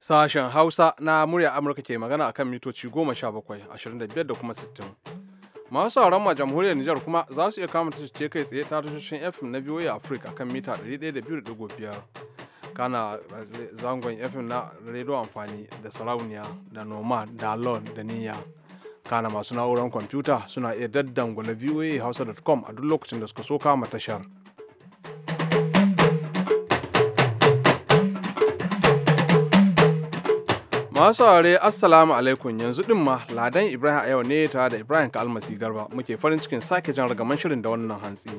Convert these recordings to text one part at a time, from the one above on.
Sashen Hausa na murya Amurka ke magana a kan mitoci 17, 25 da kuma 60. Masu sauran ma jamhuriyar Nijar kuma za su iya kama ce kai tsaye ta tashoshin FM na VOA Africa kan mita 102.5. Kana zangon FM na rediyo amfani da sarauniya da noma da lon da niyya. kana masu na'urar kwamfuta suna iya daddangula voa hausa.com a duk lokacin da suka so kama tashar masu saurare assalamu alaikum yanzu din ma ladan ibrahim a yau ne tare da ibrahim kalmasi garba muke farin cikin sake jan ragaman shirin da wannan hantsi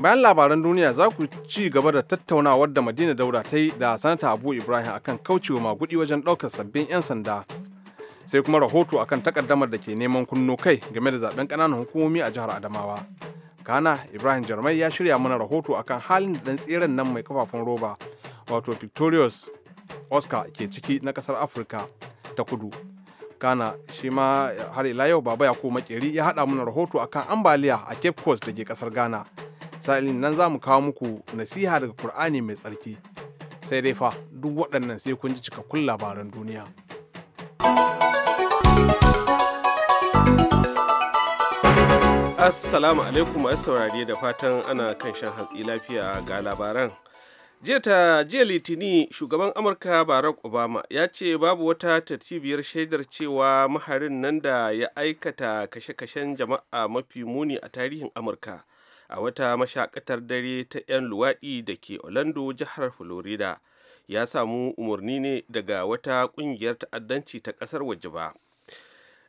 bayan labaran duniya za ku ci gaba da tattaunawar da madina daura ta yi da sanata abu ibrahim akan kaucewa magudi wajen ɗaukar sabbin 'yan sanda sai kuma rahoto akan takaddamar da ke neman kunno kai game da zaben kananan hukumomi a jihar adamawa kana ibrahim jarmai ya shirya mana rahoto akan halin da ɗan tseren nan mai kafafun roba wato victorious oscar ke ciki na kasar afirka ta kudu kana shi ma har ila yau baba ya yakubu makeri ya haɗa mana rahoto akan ambaliya a cape coast da ke ƙasar ghana sa'ilin nan zamu kawo muku nasiha daga kur'ani mai tsarki sai dai fa duk waɗannan sai kun ji cikakkun labaran duniya. Assalamu alaikum masu saurare da fatan ana kan shan hantsi lafiya ga labaran. Jiya ta jiya Litini shugaban Amurka Barack Obama ya ce babu wata tartibiyar shaidar cewa maharin nan da ya aikata kashe-kashen jama'a mafi muni a tarihin Amurka a wata mashakatar dare ta 'yan luwaɗi da ke Orlando jihar Florida ya samu umarni ne daga wata ƙungiyar ta'addanci ta ƙasar waje ba.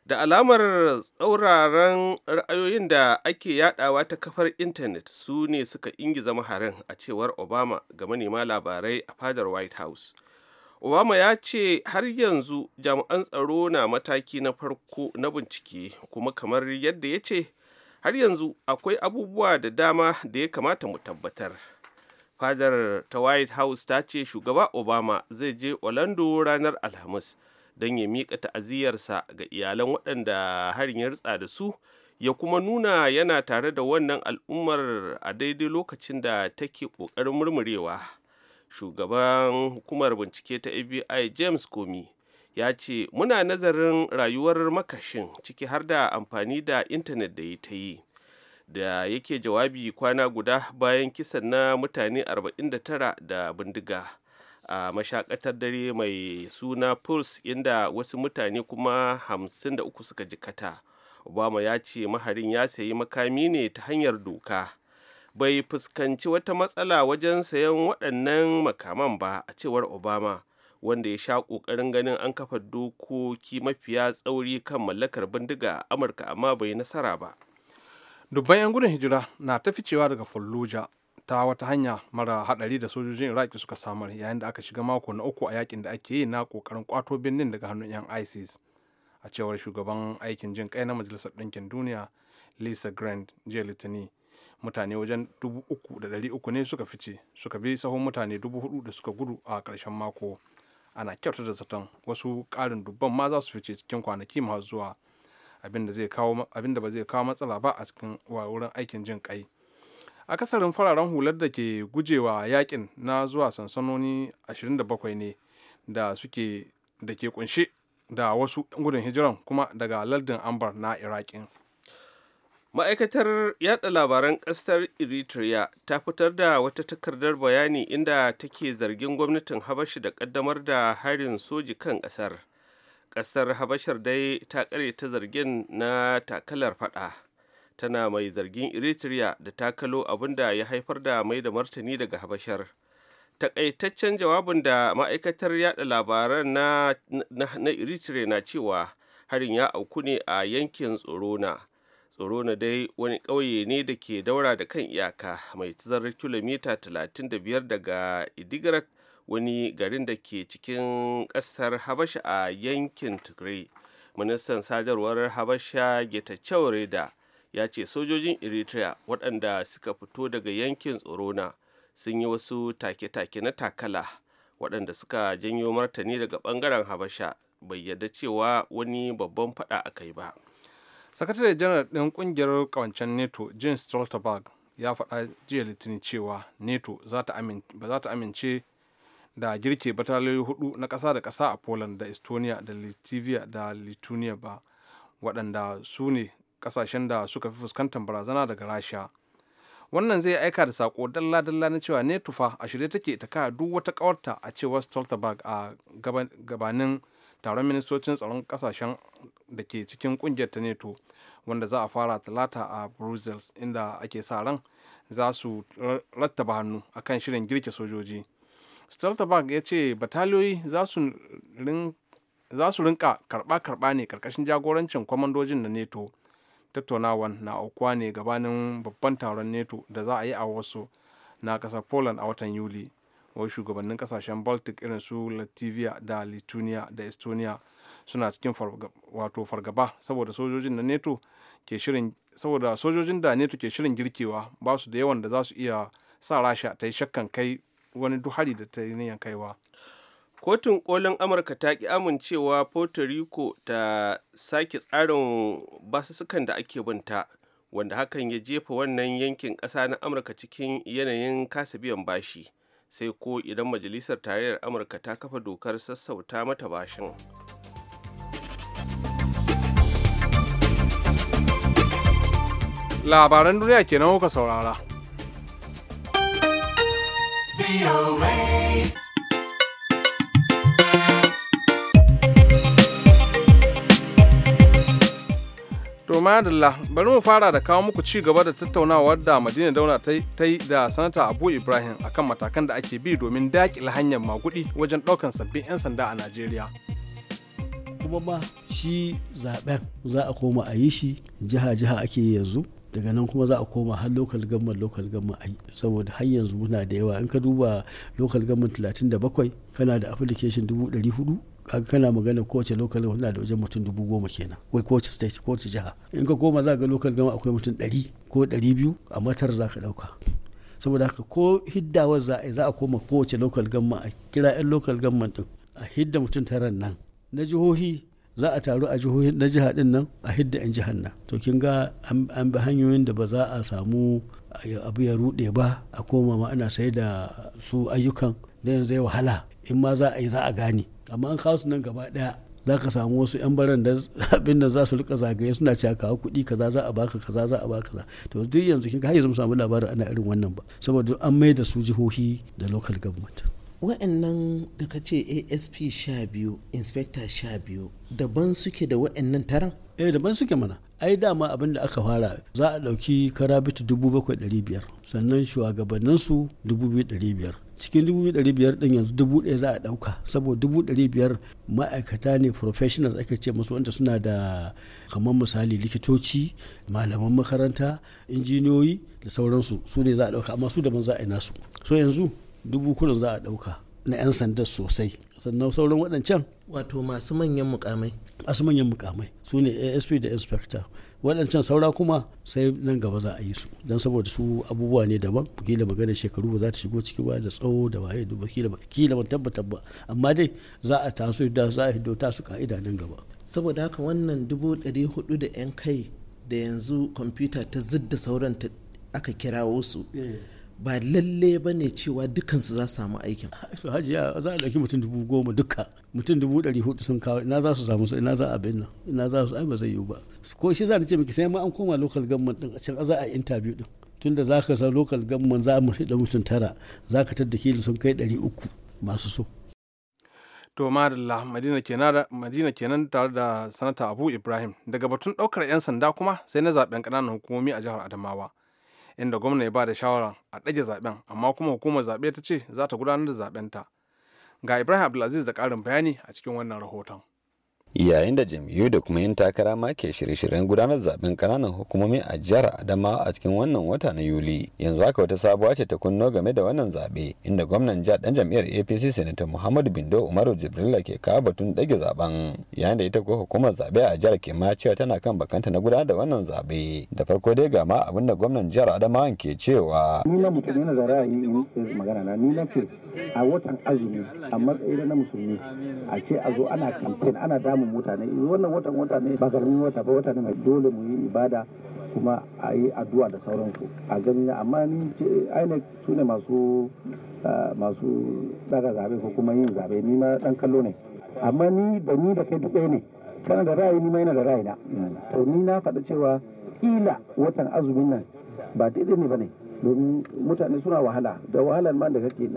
da alamar tsauraran ra'ayoyin da ake yadawa ta kafar intanet su ne suka ingiza maharin a cewar obama ga manema labarai a fadar white house obama ya ce har yanzu jami'an tsaro na mataki na farko na bincike kuma kamar yadda ya ce har yanzu akwai abubuwa da dama da ya kamata mu tabbatar fadar ta white house ta ce shugaba obama zai je orlando ranar alhamis don ya miƙa ta'aziyarsa ga iyalan waɗanda harin ya rutsa da su ya kuma nuna yana tare da wannan al'ummar a daidai lokacin da take ƙoƙarin murmurewa shugaban hukumar bincike ta fbi james comey ya ce muna nazarin rayuwar makashin ciki har da amfani da intanet da ya ta yi da yake jawabi kwana guda bayan kisan na mutane 49 da bindiga a mashakatar dare mai suna pulse inda wasu mutane kuma 53 suka jikata obama ya ce maharin ya sayi makami ne ta hanyar doka bai fuskanci wata matsala wajen sayan waɗannan makaman ba a cewar obama wanda ya sha ƙoƙarin ganin an kafa dokoki mafiya tsauri kan mallakar bindiga a amurka amma bai nasara ba dubban 'yan gudun hijira na ta ficewa daga fallujah ta wata hanya mara hadari da sojojin iraki suka samar yayin da aka shiga mako na uku a yakin da ake yi na kokarin kwato birnin daga hannun 'yan isis a cewar shugaban aikin jin kai na majalisar ɗinkin duniya lisa grand jiya litini mutane wajen 3,300 ne suka fice suka bi sahun mutane 4,000 da suka gudu a karshen mako ana kyautar da zaton wasu ƙarin dubban ma za su fice cikin kwanaki masu zuwa abinda ba zai kawo matsala ba a cikin wurin aikin jin kai akasarin fararen hular da ke gujewa yakin na zuwa sansanoni 27 ne da suke da ke kunshe da wasu gudun hijiran kuma daga lardin ambar na irakin ma'aikatar yada labaran kasar eritrea ta fitar da wata takardar bayani inda take zargin gwamnatin habashi da kaddamar da harin soji kan kasar kasar habashar dai ta kare ta zargin na takalar fada tana mai zargin eritrea da takalo abin da ya haifar da mai da martani daga habashar takaitaccen jawabin da ma'aikatar yada labaran na, na, eritrea na cewa harin ya auku ne a yankin tsorona tsorona dai wani ƙauye ne da ke daura da kan iyaka mai tazarar kilomita 35 daga idigrat wani garin da ke cikin ƙasar habasha a yankin tigray ministan sadarwar habasha geta da ya ce sojojin eritrea waɗanda suka fito daga yankin na sun yi wasu take-take na takala waɗanda suka janyo martani daga ɓangaren habasha bai yadda cewa wani babban fada a kai ba sakatare janar ɗin ƙungiyar ƙawancen neto james stoltenberg ya faɗa jiya litinin cewa neto ba za ta amince da girke bataliyoyi hudu na ƙasa da ƙasa a poland da estonia da litvia da lithuania ba waɗanda su ne kasashen da suka fi fuskantar barazana daga rasha wannan zai aika da sako dalla-dalla na cewa neto fa a shirye take ta ka duk wata kawarta a cewar stoltenberg a gabanin taron ministocin tsaron kasashen da ke cikin kungiyar ta neto wanda za a fara talata a brussels inda ake sa ran za su rattaba hannu akan shirin girke sojoji stoltenberg ya ce bataliyoyi za su rinka karba-karba ne karkashin jagorancin kwamandojin na neto tattaunawan na aukuwa ne gabanin babban taron neto da za a yi a wasu na kasar poland a watan yuli wai shugabannin kasashen baltic irin su latvia da lithuania da estonia suna cikin wato fargaba saboda sojojin da neto ke shirin saboda sojojin da neto ke shirin girkewa ba su da yawan da za su iya sa rasha ta yi shakkan kai wani duhari da ta yi niyan kaiwa kotun kolin amurka ta ki amincewa puerto rico ta sake tsarin basussukan da ake binta wanda hakan ya jefa wannan yankin ƙasa na amurka cikin yanayin kasa biyan bashi sai ko idan majalisar tarayyar amurka ta kafa dokar sassauta mata bashin labaran duniya kenan kuka saurara. To madalla bari mu fara da kawo muku ci gaba da tattaunawar da Madina Dauna ta yi da sanata Abu Ibrahim akan matakan da ake bi domin dakile hanyar magudi wajen ɗaukan sabbin 'yan sanda a Najeriya. Kuma ma shi zaben za a koma a yi shi jiha-jiha ake yanzu daga nan kuma za a koma har lokal government local government ai saboda har yanzu muna da yawa in ka duba local government 37 kana da application 400 kana magana kowace local government da wajen mutum dubu goma kenan wai kowace state kowace jiha in ka koma za ga lokal government akwai mutum 100 ko 200 a matar za ka dauka saboda haka ko hiddawar za a za a koma kowace lokal government a kira 'yan local government din a hidda mutum taran nan na jihohi za a taru a jihohin na jiha din nan a hidda 'yan jihar nan to kin ga an bi hanyoyin da ba za a samu abu ya rude ba a koma ma ana sai da su ayyukan da yanzu ya wahala in ma za a yi za a gane amma an kawo su nan gaba daya za ka samu wasu 'yan baran da abin da za su rika zagaye suna cewa kawo kuɗi kaza za a baka kaza za a baka kaza to duk yanzu kin ga har yanzu mu samu labarin ana irin wannan ba saboda an mai da su jihohi da local government wa'annan da ka ce asp 12 inspector 12 daban suke da wa'annan taron eh daban suke mana ai dama abin da aka fara za a ɗauki karabitu 7,500 sannan shugabanninsu 2,500 cikin 2,500 ɗin yanzu 1,000 za a ɗauka saboda 2,500 ma'aikata ne professionals ake ce masu wanda suna da kamar misali likitoci malaman makaranta injiniyoyi da sauransu su ne za a ɗauka amma su daban za a yi nasu so yanzu dubu kudin za a ɗauka na 'yan sanda sosai sannan sauran waɗancan wato masu manyan mukamai masu manyan mukamai su ne asp da inspector waɗancan saura kuma sai nan gaba za a yi su don saboda su abubuwa ne daban kila magana shekaru ba za ta shigo ciki ba da tsawo da waye duba kila kila ban tabbata ba amma dai za a taso da za a hido tasu ka'ida nan gaba saboda haka wannan dubu ɗari hudu da yan kai da yanzu kwamfuta ta zidda sauran aka kirawo su eh. ba lalle ba ne cewa dukansu za su samu aikin. to hajiya za a ɗauki mutum dubu goma duka mutum dubu ɗari hudu sun kawo ina za su samu su ina za a bin nan ina za su ai ba zai yiwu ba ko shi za ta ce miki sai ma an koma local gamman din a can za a interview din da za ka san local gamman za mu shiɗa mutum tara za ka tadda kili sun kai ɗari uku masu so. to madalla madina kenan tare da sanata abu ibrahim daga batun ɗaukar 'yan sanda kuma sai na zaben ƙananan hukumomi a jihar adamawa. inda gwamna ya ba da shawara a ɗage zaɓen amma kuma hukumar zaɓe ta ce za ta gudanar da zaɓenta ga ibrahim abdulaziz da ƙarin bayani a cikin wannan rahoton yayin da jam'iyyu da kuma yin takara ma ke shirye-shiryen gudanar zaben kananan hukumomi a jihar adama a cikin wannan wata na yuli yanzu haka wata sabuwa ce ta kunno game da wannan zabe inda gwamnan jihar dan jam'iyyar apc senator muhammadu bindo umaru jibrila ke kawo batun dage zaben yayin da ita ko hukumar zabe a jihar ke ma cewa tana kan bakanta na gudanar da wannan zabe da farko dai ga ma abin da gwamnan jihar adama ke cewa ni na mutum ne da ra'ayi magana na ni na ce a watan azumi a matsayin na musulmi a ce a zo ana kamfen ana samun mutane wannan watan wata ne ba karamin wata ba wata ne mai dole mu yi ibada kuma a yi addu'a da sauransu a gani amma ni aina su ne masu masu daga zabe ko kuma yin zabe ni ma dan kallo ne amma ni da ni da kai duɓe ne kana da ra'ayi ni ma yana da ra'ayi na mm. to ni na faɗa cewa kila watan azumin nan ba daidai ne ba ne domin mutane suna wahala da wahalar ma da kake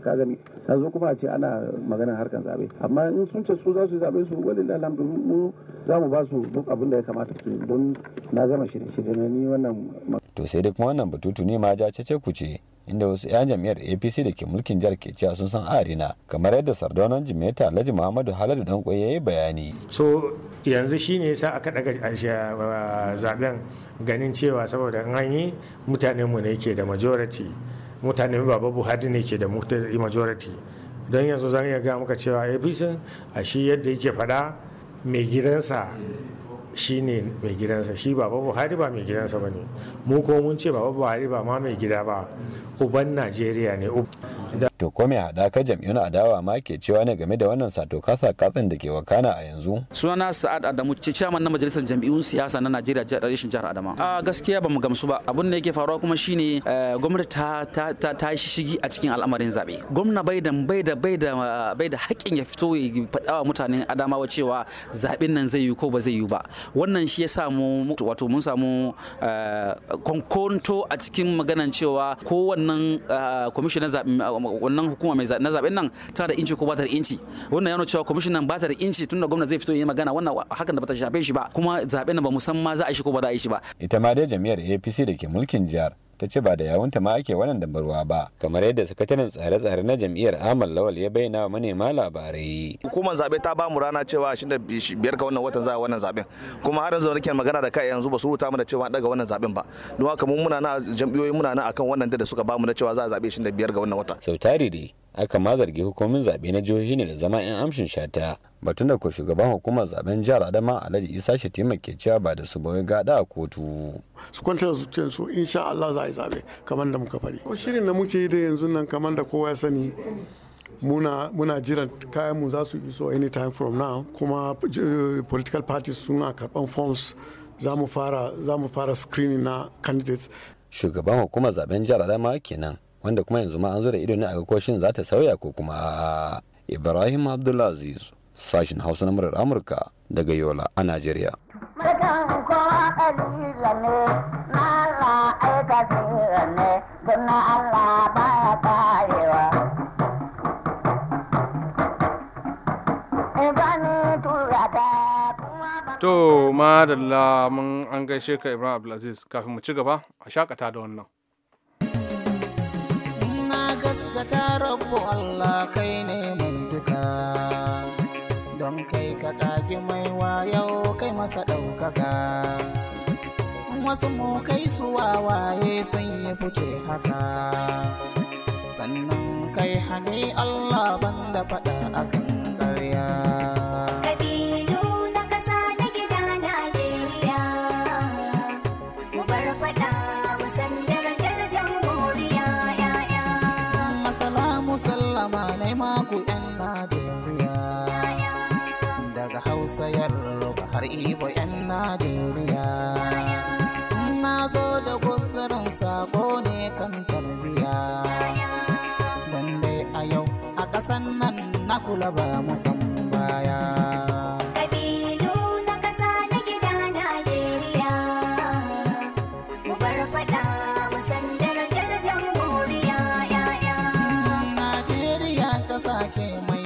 ka gani ta zo kuma a ce ana maganar harkar zabe amma in sun ce su za su zabe su walillahi mu za mu ba su duk abin da ya kamata su don na gama shirye-shirye ni wannan to sai dai kuma wannan batutu ne ma ja ce ku ce inda wasu 'yan jam'iyyar apc da ke mulkin jihar ke cewa sun san arina kamar yadda sardaunan jimeta alhaji muhammadu haladu dan ya yi bayani so yanzu shine sa aka daga zaben ganin cewa saboda in an mutanen mu ne ke da majority mutanen baba buhari ne ke da majority don yanzu zan iya ga muka cewa apc a shi yadda yake faɗa mai gidansa shi ne mai gidansa shi baba buhari ba mai gidansa ba ne mu ko mun ce baba buhari ba ma mai gida ba uban najeriya ne To ko mai ka jam'iyyun adawa ma ke cewa ne game da wannan sato kasa katsin da ke wakana a yanzu? Sunana Sa'ad Adamu ce chairman na majalisar jam'iyyun siyasa na Najeriya rashin jihar Adama. A gaskiya ba gamsu ba. Abin da yake faruwa kuma shine eh, gwamnati ta ta ta shigi a cikin al'amarin zabe. Gwamna bai da bai da bai da bai da haƙƙin ya fito ya faɗa wa mutanen Adamawa cewa zaben nan zai yi ko ba zai yi ba. Wannan shi ya samu wato mun samu eh, konkonto a cikin maganan cewa ko wannan eh, kwamishinan wannan hukuma mai na zaben nan tana da inci ko ba ta da inci wannan ya nuna cewa kwamishin nan ba ta da inci tunda gwamnati zai fito yi magana wannan hakan da ba ta shafe shi ba kuma zaben nan ba musamman za a shi ko ba za a yi shi ba ita ma dai jami'ar APC da ke mulkin jihar ta ce ba da yawunta ma ake wannan dambarwa ba kamar yadda sakataren tsare-tsare na jam'iyyar amal lawal ya bayyana wa manema labarai hukumar zabe ta ba mu rana cewa shi biyar ga wannan watan za a wannan zaben kuma har yanzu nake magana da kai yanzu ba su rubuta mana cewa daga wannan zaben ba don haka mun muna na jam'iyyoyi muna na akan wannan da suka mu na cewa za a zabe biyar ga wannan wata sautari dai aka ma zargi hukumomin zaɓe na jihohi ne da zama 'yan amshin shata batun da ko shugaban hukumar zaben jihar adama alhaji isa shatima ke cewa ba da su bawai gada a kotu su kwantar su ce su insha allah za a yi zaɓe kamar da muka fari shirin da muke yi da yanzu nan kamar da kowa ya sani muna, jiran kayan mu za su iso anytime from now kuma eh, political parties suna karɓan forms za mu fara, fara screening na candidates shugaban hukumar zaben jihar adama kenan wanda kuma yanzu ma an zura ido ne a ga shin za ta sauya ko kuma ibrahim abdulaziz sashin hausa na murar amurka daga yola a najeriya To, madalla mun an gaishe ka Ibrahim Abdulaziz kafin mu ci gaba a shakata da wannan. gaskata rabu Allah kai ne mai duka don kai ka kagi mai yau kai masa ɗaukaka wasu mu kai su wawaye sun yi fice haka sannan kai hane Allah banda faɗa akan ƙarya tausayar har ibo 'yan Najeriya. Na zo da kuzarin sako ne kan tarbiya. Don dai a yau a ƙasan nan na kula ba musan baya. Najeriya ce mai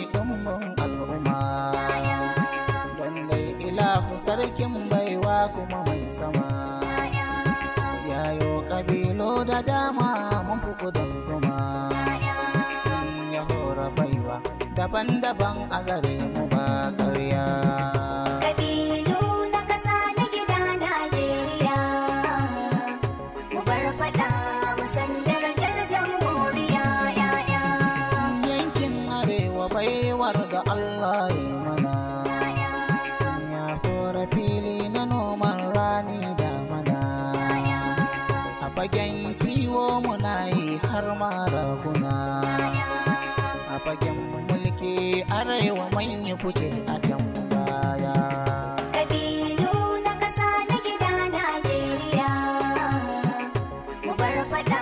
sarkin baiwa kuma mai sama yayo kabilo da dama mun fuku da zuma ya hora baiwa daban-daban a gare mu ba ƙarya arewa manya kuke a can baya. Kabilu na ƙasa na gida Najeriya, mu bar faɗa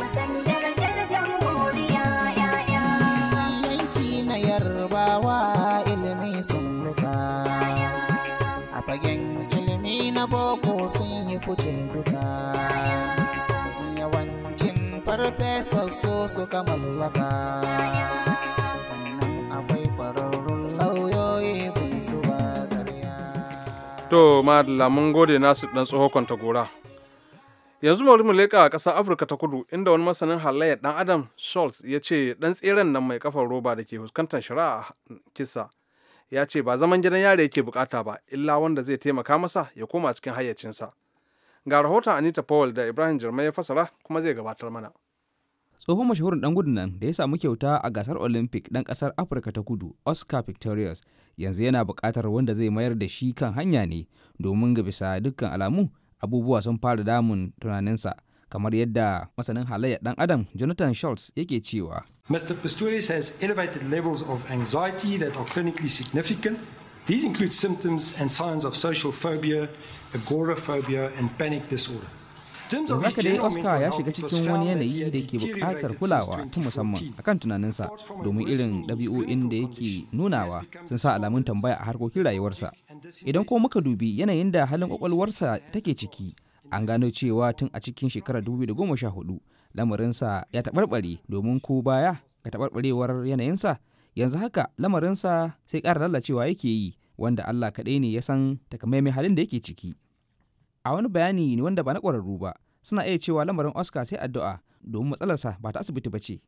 mu san darajar jamhuriya yaya. Yanki na yarbawa ilimi sun rufa, a fagen ilimi na boko sun yi fice duka. Yawancin farfesa so suka mallaka. to ma mun gode nasu dan tsoho kwanta gora yanzu bari mu leƙa a ƙasar afirka ta kudu inda wani masanin halayyar dan adam schultz ya ce ɗan tseren nan mai kafar roba da ke fuskantar shari'a a kisa ya ce ba zaman gidan yare yake bukata ba illa wanda zai taimaka masa ya koma cikin hayyacinsa ga rahoton anita powell da ibrahim jirma ya fasara kuma zai gabatar mana tsohon mashahurin dan gudun nan da ya samu kyauta a gasar olympic dan kasar afirka ta kudu oscar victorious yanzu yana bukatar wanda zai mayar da shi kan hanya ne domin ga bisa dukkan alamu abubuwa sun fara damun tunaninsa kamar yadda masanin halayya dan adam jonathan schultz yake cewa mr pistorius has elevated levels of anxiety that are clinically significant these include symptoms and signs of social phobia agoraphobia and panic disorder zaka dai oscar ya shiga cikin wani yanayi da ke bukatar kulawa ta musamman a akan tunaninsa domin irin ɗabi'o'in da yake nunawa sun sa alamun tambaya a harkokin rayuwarsa idan ko muka dubi yanayin da halin kwakwalwarsa take ciki an gano cewa tun a cikin shekarar 2014 lamarinsa ya taɓarɓare domin ko baya ga taɓarɓarewar yanayinsa yanzu haka lamarinsa sai ƙara lalacewa yake yi wanda allah kaɗai ne ya san takamaiman halin da yake ciki a wani bayani ne wanda ba na ƙwararru ba suna iya cewa lamarin oscar sai addu'a domin matsalarsa ba ta asibiti ba ce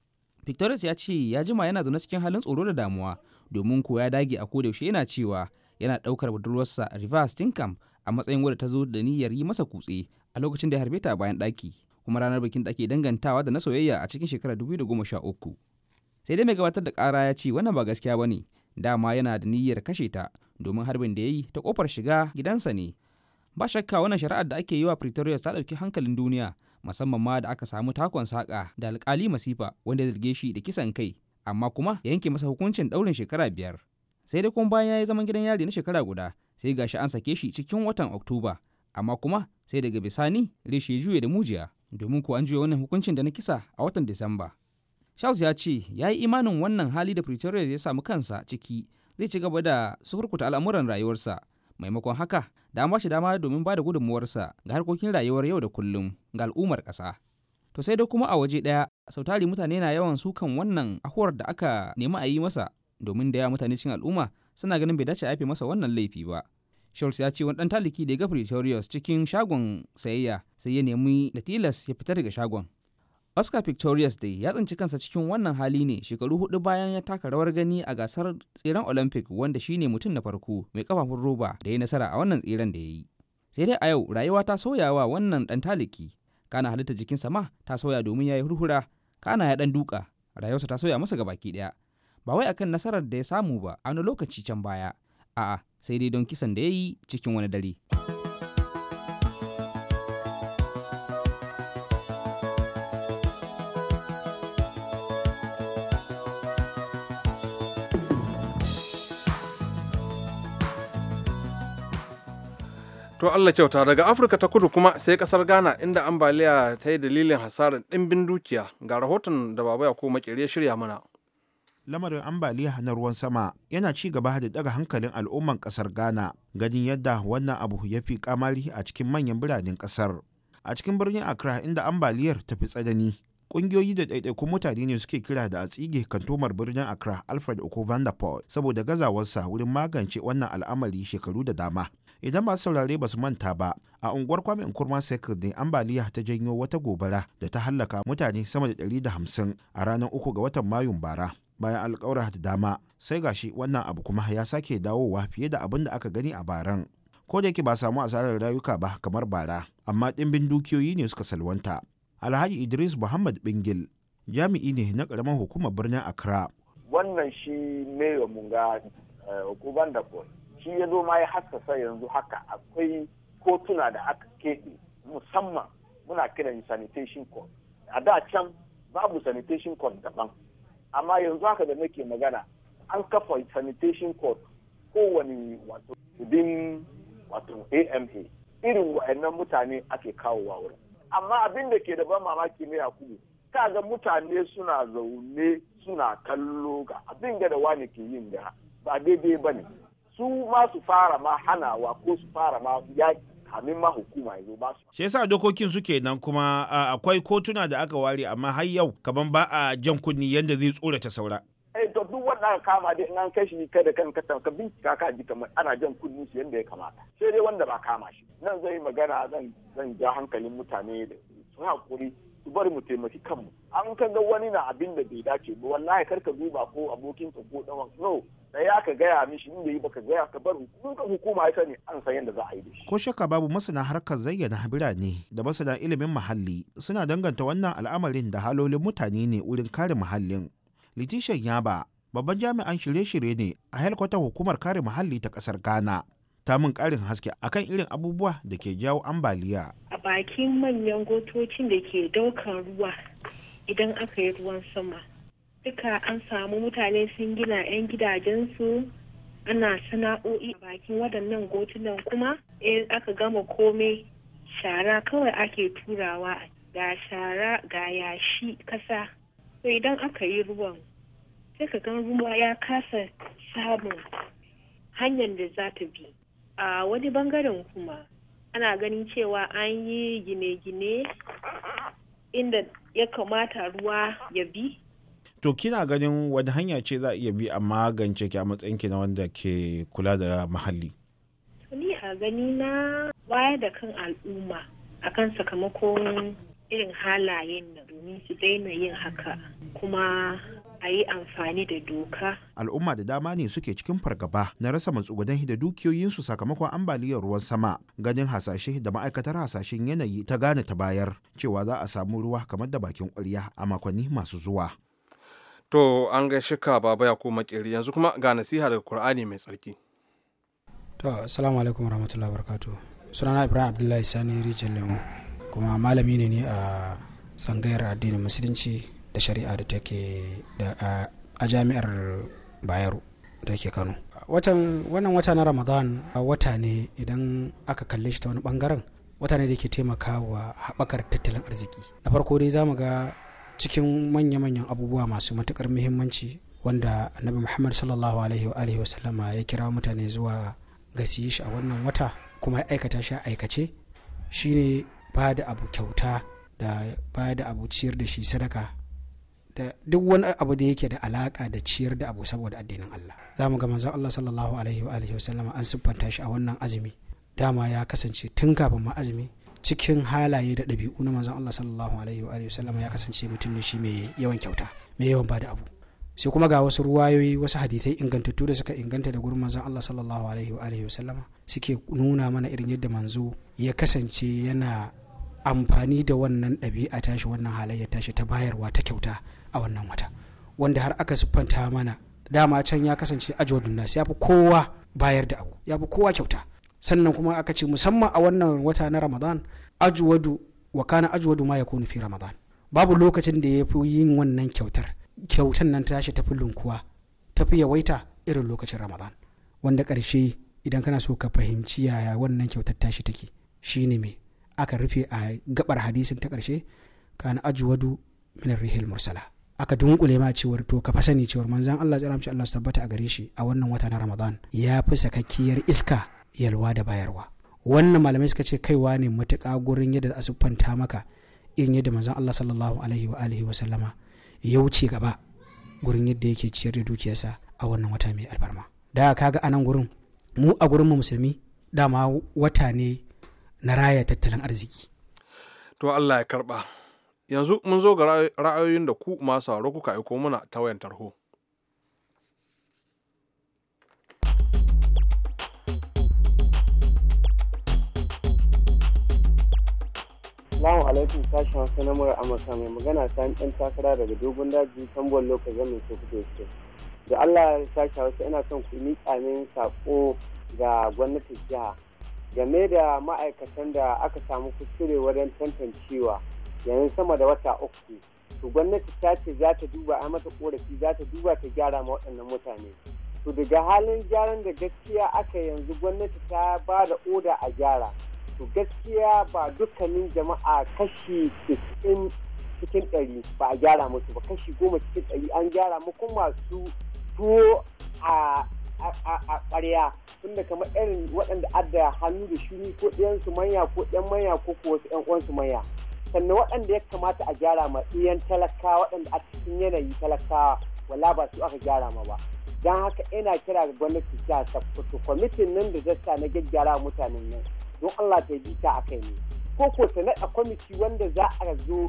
victorious ya ce ya jima yana zaune cikin halin tsoro da damuwa domin ko ya dage a kodayaushe yana cewa yana ɗaukar budurwarsa reverse stinkham a matsayin wadda ta zo da niyyar yi masa kutse a lokacin da ya harbe ta bayan ɗaki kuma ranar bikin da ake dangantawa da na soyayya a cikin shekarar 2013 sai dai mai gabatar da ƙara ya ce wannan ba gaskiya ba ne dama yana da niyyar kashe ta domin harbin da ya yi ta kofar shiga gidansa ne ba shakka wannan shari'ar da ake yi wa pretoria ta ɗauki hankalin duniya musamman ma da aka samu takon saƙa da alƙali masifa wanda ya zarge shi da kisan kai amma kuma ya yanke masa hukuncin ɗaurin shekara biyar sai dai kuma bayan ya yi zaman gidan yari na shekara guda sai gashi an sake shi cikin watan oktoba amma kuma sai daga bisani reshe juye da mujiya domin ko an juya wannan hukuncin da na kisa a watan disamba charles ya ce ya yi imanin wannan hali da pretoria ya samu kansa ciki zai ci gaba da sukurkuta al'amuran rayuwarsa maimakon haka da an ba shi dama domin ba da gudunmuwarsa ga harkokin rayuwar yau da kullum ga al'ummar ƙasa to sai dai kuma a waje ɗaya sautari mutane na yawan sukan wannan ahuwar da aka nemi a yi masa domin da yawa mutane cikin al'umma suna ganin bai dace a yafe masa wannan laifi ba Schultz ya ce wani ɗan taliki da ya ga cikin shagon sayayya sai ya nemi da tilas ya fita daga shagon Oscar Pictorius dai ya tsinci kansa cikin wannan hali ne shekaru hudu bayan ya taka rawar gani a gasar tseren Olympic wanda shine mutum na farko mai kafafun roba da ya nasara a wannan tseren da ya yi. Sai dai a yau rayuwa ta sauya wa wannan dan taliki. Kana halitta jikin sama ta sauya domin ya yi hurhura, kana ya dan duka, rayuwarsa ta sauya masa gabaki daya. Ba wai akan nasarar da ya samu ba a wani lokaci can baya, a'a sai dai don kisan da ya yi cikin wani dare. To Allah kyauta daga Afirka ta kudu kuma sai kasar Ghana inda ambaliya ta yi dalilin hasarar ɗimbin dukiya ga rahoton da baba ya ko ya shirya mana. lamarin ambaliya na ruwan sama yana ci gaba da daga hankalin al'umman kasar ghana ganin yadda wannan abu ya fi kamari a cikin manyan biranen kasar a cikin birnin accra inda ambaliyar ta fi tsanani kungiyoyi da ɗaiɗaikun mutane ne suke kira da a tsige kantomar birnin accra alfred oko saboda gazawarsa wurin magance wannan al'amari shekaru da dama idan masu saurare ba su manta ba a unguwar kwame kurma circle ne ambaliya ta janyo wata gobara da ta hallaka mutane sama da ɗari da hamsin, a ranar uku ga watan mayun bara bayan alkawura da dama sai gashi wannan abu kuma ya sake dawowa fiye da abin da aka gani a baran ko da yake ba samu asarar rayuka ba kamar bara amma ɗimbin dukiyoyi ne suka salwanta alhaji idris muhammad bingil jami'i ne na ƙaramin hukumar birnin accra wannan shi mun ga hukuman eh, da shi ya zo ma ya haskasa yanzu haka akwai kotuna da aka keɓe musamman muna kiran sanitation court a da can babu sanitation court daban amma yanzu haka da nake magana an kafa sanitation court kowane wato din wato ama irin wa'annan mutane ake kawowa wurin amma abin da ke da ban mamaki ne a kudu kaga mutane suna zaune suna kallo ga abin da wani ke yin da ba daidai ba ne su ma su fara ma hanawa ko su fara ma yaki kamin ma hukuma ya zo ba su. Shi yasa dokokin suke nan kuma akwai kotuna da aka ware amma har yau kaman ba a jan kunni yadda zai ta saura. Eh to duk wanda aka kama dai in an kai shi kada kan ka ka bincika ka ji kamar ana jan kunni shi yadda ya kamata. Sai dai wanda ba kama shi. Nan zai magana zan zan ja hankalin mutane da su hakuri bari mu taimaki kanmu an ka ga wani na abin da bai dace ba wallahi kar ka duba ko abokin ka ko dan no da ya ka gaya mishi in da yi baka gaya ka bar ka hukuma ya sani an san yadda za a yi da shi. Ko shakka babu masana harkar zayyana birane da masana ilimin muhalli suna danganta wannan al'amarin da halolin mutane ne wurin kare muhallin. Litishan Yaba babban jami'an shirye-shirye ne a helkwatar hukumar kare muhalli ta kasar Ghana. Ta min karin haske akan irin abubuwa da ke jawo ambaliya bakin manyan gotocin da ke daukan ruwa idan aka yi ruwan sama duka an samu mutane sun gina 'yan gidajensu ana sana'o'i a bakin waɗannan gotunan kuma in aka gama komai shara kawai ake turawa ga shara ga yashi kasa to idan aka yi ruwan sai ka gan ruwa ya kasa samun hanyar da za ta bi a wani bangaren kuma ana ganin cewa an yi gine-gine inda ya kamata ruwa ya bi to kina ganin wani hanya ce za a iya bi a magance ki a ki na wanda ke kula da muhalli ni a gani na wayar da kan al'umma akan sakamakon irin halayen da domin su daina yin haka kuma a yi amfani da doka. Al'umma da dama ne suke cikin fargaba na rasa matsugudan da dukiyoyinsu sakamakon ambaliyar ruwan sama ganin hasashe da ma'aikatar hasashen yanayi ta gane ta bayar cewa za a samu ruwa kamar da bakin kwarya a makonni masu zuwa. To an ga shika baba ya ko makeri yanzu kuma ga nasiha daga Kur'ani mai tsarki. To assalamu alaikum warahmatullahi wabarakatuh. Sunana Ibrahim Abdullahi Sani Rijal Lemo kuma malami ne ni a tsangayar addinin musulunci da shari'a da take a jami'ar bayero da ke kano watan wannan wata na ramadan wata ne idan aka kalle shi ta wani bangaren wata ne da ke taimaka wa haɓakar tattalin arziki na farko dai za mu ga cikin manya-manyan abubuwa masu matuƙar muhimmanci wanda annabi muhammad sallallahu alaihi wa alihi wasallama ya kira mutane zuwa ga shi a wannan wata kuma ya aikata shi a aikace shine ba da abu kyauta da ba da abu ciyar da shi sadaka da duk wani abu da yake da alaka da ciyar da abu saboda addinin Allah za mu ga manzon Allah sallallahu alaihi wa alihi wasallam an siffanta shi a wannan azumi dama ya kasance tun kafin ma azumi cikin halaye da ɗabi'u na manzon Allah sallallahu alaihi wa alihi wasallam ya kasance mutum ne shi mai yawan kyauta mai yawan bada abu sai kuma ga wasu ruwayoyi wasu hadithai ingantattu da suka inganta da gurin manzon Allah sallallahu alaihi wa alihi wasallam suke nuna mana irin yadda manzo ya kasance yana amfani da wannan ɗabi'a tashi wannan halayya tashi ta bayarwa ta kyauta a wannan wata wanda har aka siffanta mana dama can ya kasance ajiwadun nasu ya fi kowa bayar da abu ya fi kowa kyauta sannan kuma aka ce musamman a wannan wata na ramadan ajwadu wa kana ajwadu ma nufi fi ramadan babu lokacin da ya fi yin wannan kyautar kyautan nan ta tashi tafi lunkuwa tafi yawaita irin lokacin ramadan wanda karshe idan kana so ka fahimci yaya wannan kyautar tashi take shine me aka rufe a gabar hadisin ta karshe kana ajwadu min rihil mursala aka dunkule ma cewar to ka fasani cewar manzan Allah tsira mishi Allah su tabbata a gare shi a wannan wata na Ramadan ya fi sakakkiyar iska yalwa da bayarwa wannan malamai suka ce kaiwa ne matuƙa gurin yadda za su maka irin yadda manzan Allah sallallahu alaihi wa alihi wa sallama ya wuce gaba gurin yadda yake ciyar da dukiyarsa a wannan wata mai alfarma da kaga anan gurin mu a gurin mu musulmi dama wata ne na raya tattalin arziki to Allah ya karba yanzu mun zo ga ra'ayoyin da ku masu sauraro kuka aiko mana ta wayan tarho. Salamu alaikum sashen Hausa na mura Amurka mai magana sani ɗan takara daga dogon daji tambon lokacin mai kuke ce. Da Allah ya sashi Hausa ina son ku miƙa min saƙo ga gwamnatin jiha game da ma'aikatan da aka samu kuskure wajen tantancewa. yanzu sama da wata uku to gwamnati ta ce za ta duba a mata korafi za ta duba ta gyara ma waɗannan mutane to daga halin gyaran da gaskiya aka yanzu gwamnati ta ba da oda a gyara to gaskiya ba dukkanin jama'a kashi cikin cikin ɗari ba a gyara musu ba kashi goma cikin ɗari an gyara mu kuma masu tuwo a a tunda kamar irin waɗanda adda hannu da shuni ko ɗiyansu manya ko ɗan manya ko kuwa wasu ƴan uwansu manya sannan waɗanda ya kamata a gyara ma iyan talakawa waɗanda a cikin yanayi talakawa wala ba su aka gyara ma ba don haka ina kira ga gwamnati ta sakkwato kwamitin nan da zasta na gyaggyara mutanen nan don allah ta yi bita a kai ne ko ko ta naɗa kwamiti wanda za a zo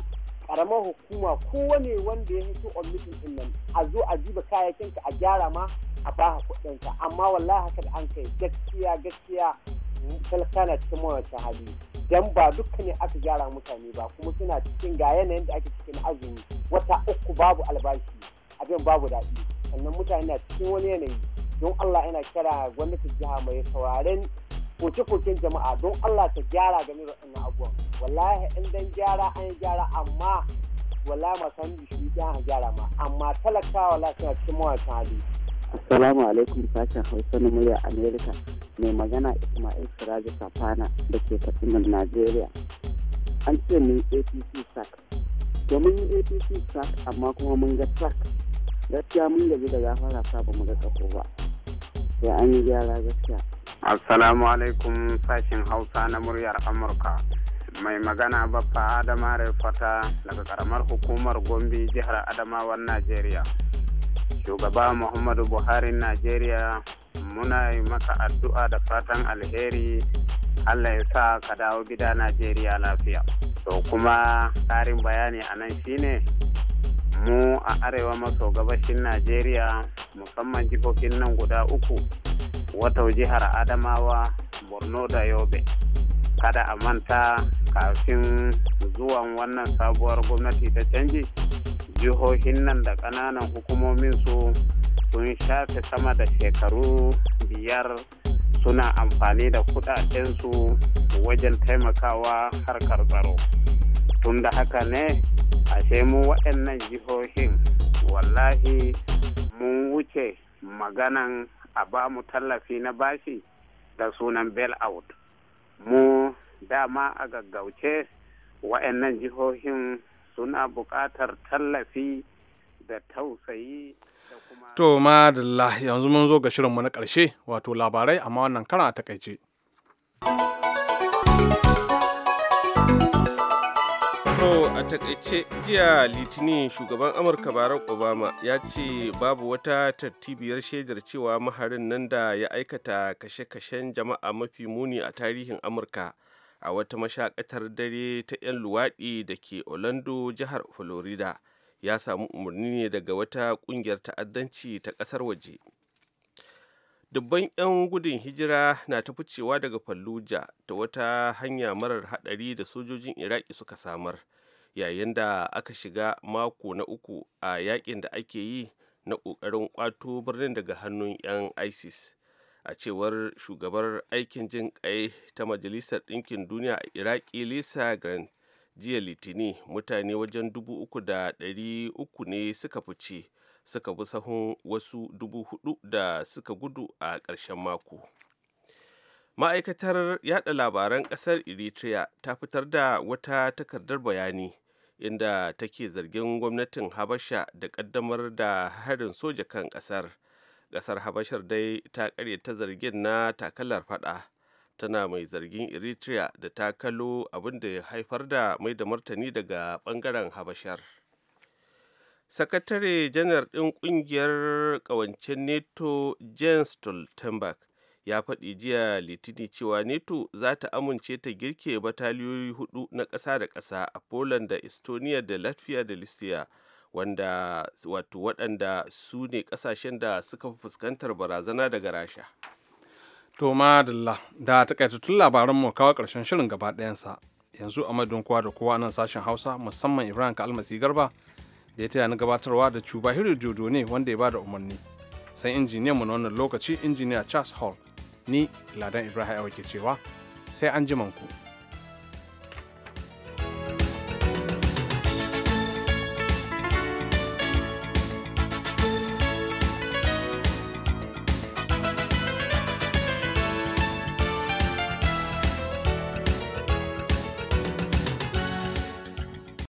karamar hukuma ko kowane wanda ya hito on mutum din nan a zo a duba kayayyakin ka a gyara ma a ba ka kuɗin ka amma wallahi haka da an kai gaskiya gaskiya talaka cikin ta hali dan ba dukkan ne aka gyara mutane ba kuma suna cikin ga yanayin da ake cikin azumi wata uku babu albashi abin babu daɗi sannan mutane na cikin wani yanayi don Allah yana kira gwamnatin jiha mai sauraren koke-koken jama'a don Allah ta gyara game da wannan abubuwan wallahi in dan gyara an yi gyara amma wallahi masu hannu shi ya gyara ma amma talakawa lafiya cikin mawakan hali. Assalamu alaikum sashen Hausa na murya Amerika mai magana Ismail Siraji Safana da ke Katsinan Najeriya. An ce mun APC SAC. To mun yi APC SAC amma kuma mun ga SAC. Gaskiya mun gaji da gafara sa ba mu ga kafo ba. Sai an yi gyara gaskiya. Assalamu alaikum sashen Hausa na muryar Amurka. Mai magana Baffa Adama fata daga karamar hukumar Gombe jihar Adamawan Najeriya. Shugaba Muhammadu Buhari Najeriya muna yi maka addu'a da fatan alheri Allah ya sa ka dawo gida Najeriya lafiya. To kuma tsarin bayani a nan shine mu a arewa maso gabashin Najeriya musamman jikokin nan guda uku. wata jihar adamawa borno da yobe kada a manta kafin zuwan wannan sabuwar gwamnati ta canji jihohin nan da ƙananan hukumomin su sun shafe sama da shekaru biyar suna amfani da kudadensu wajen taimakawa harkar tsaro tun da haka ne ashe mu waɗannan jihohin wallahi mun wuce maganan a ba mu tallafi na bashi da sunan bell out mu dama a gaggauce wa'annan jihohin suna buƙatar tallafi da tausayi To madalla yanzu mun zo ga shirinmu na ƙarshe wato labarai amma wannan karan a takaice. Sauraro a takaice jiya litinin shugaban Amurka Barack Obama ya ce babu wata tartibiyar shaidar cewa maharin nan da ya aikata kashe-kashen jama'a mafi muni a tarihin Amurka a wata mashakatar dare ta 'yan luwaɗi da ke Orlando jihar Florida ya samu umarni ne daga wata ƙungiyar ta'addanci ta ƙasar waje. dubban 'yan gudun hijira na ta ficewa daga fallujah ta wata hanya marar hadari da sojojin iraki suka samar yayin da aka shiga mako na uku a yakin da ake yi na ƙoƙarin kwato birnin daga hannun 'yan isis a cewar shugabar aikin jin ƙai ta majalisar ɗinkin duniya a iraki lisa grant jiya litini mutane wajen dubu uku da ɗari uku ne suka fice suka bi sahun wasu dubu hudu da suka gudu a ƙarshen mako ma'aikatar yada labaran ƙasar eritrea ta fitar da wata takardar bayani inda take zargin gwamnatin habasha da ƙaddamar da harin soja kan ƙasar ƙasar habashar dai ta ta zargin na takalar fada tana mai zargin eritrea da ta kalo abin da haifar da mai da martani daga ɓangaren habashar sakatare janar ɗin ƙungiyar ƙawancen neto jens stoltenberg ya faɗi jiya litini cewa neto za ta amince ta girke bataliyoyi hudu na ƙasa da ƙasa a poland da estonia da latvia da lithuania wanda wato waɗanda su ne ƙasashen da suka fi fuskantar barazana daga rasha to madalla da takaitattun labaran mu kawo ƙarshen shirin gaba ɗayansa yanzu a madon kowa da kowa nan sashen hausa musamman ibrahim ka almasi garba da ya taya na gabatarwa da cuba Jodo ne wanda ya ba da umarni. Sai injiniyan mu na wannan lokaci injiniya Charles Hall ni Ladan Ibrahim ke cewa sai an ku.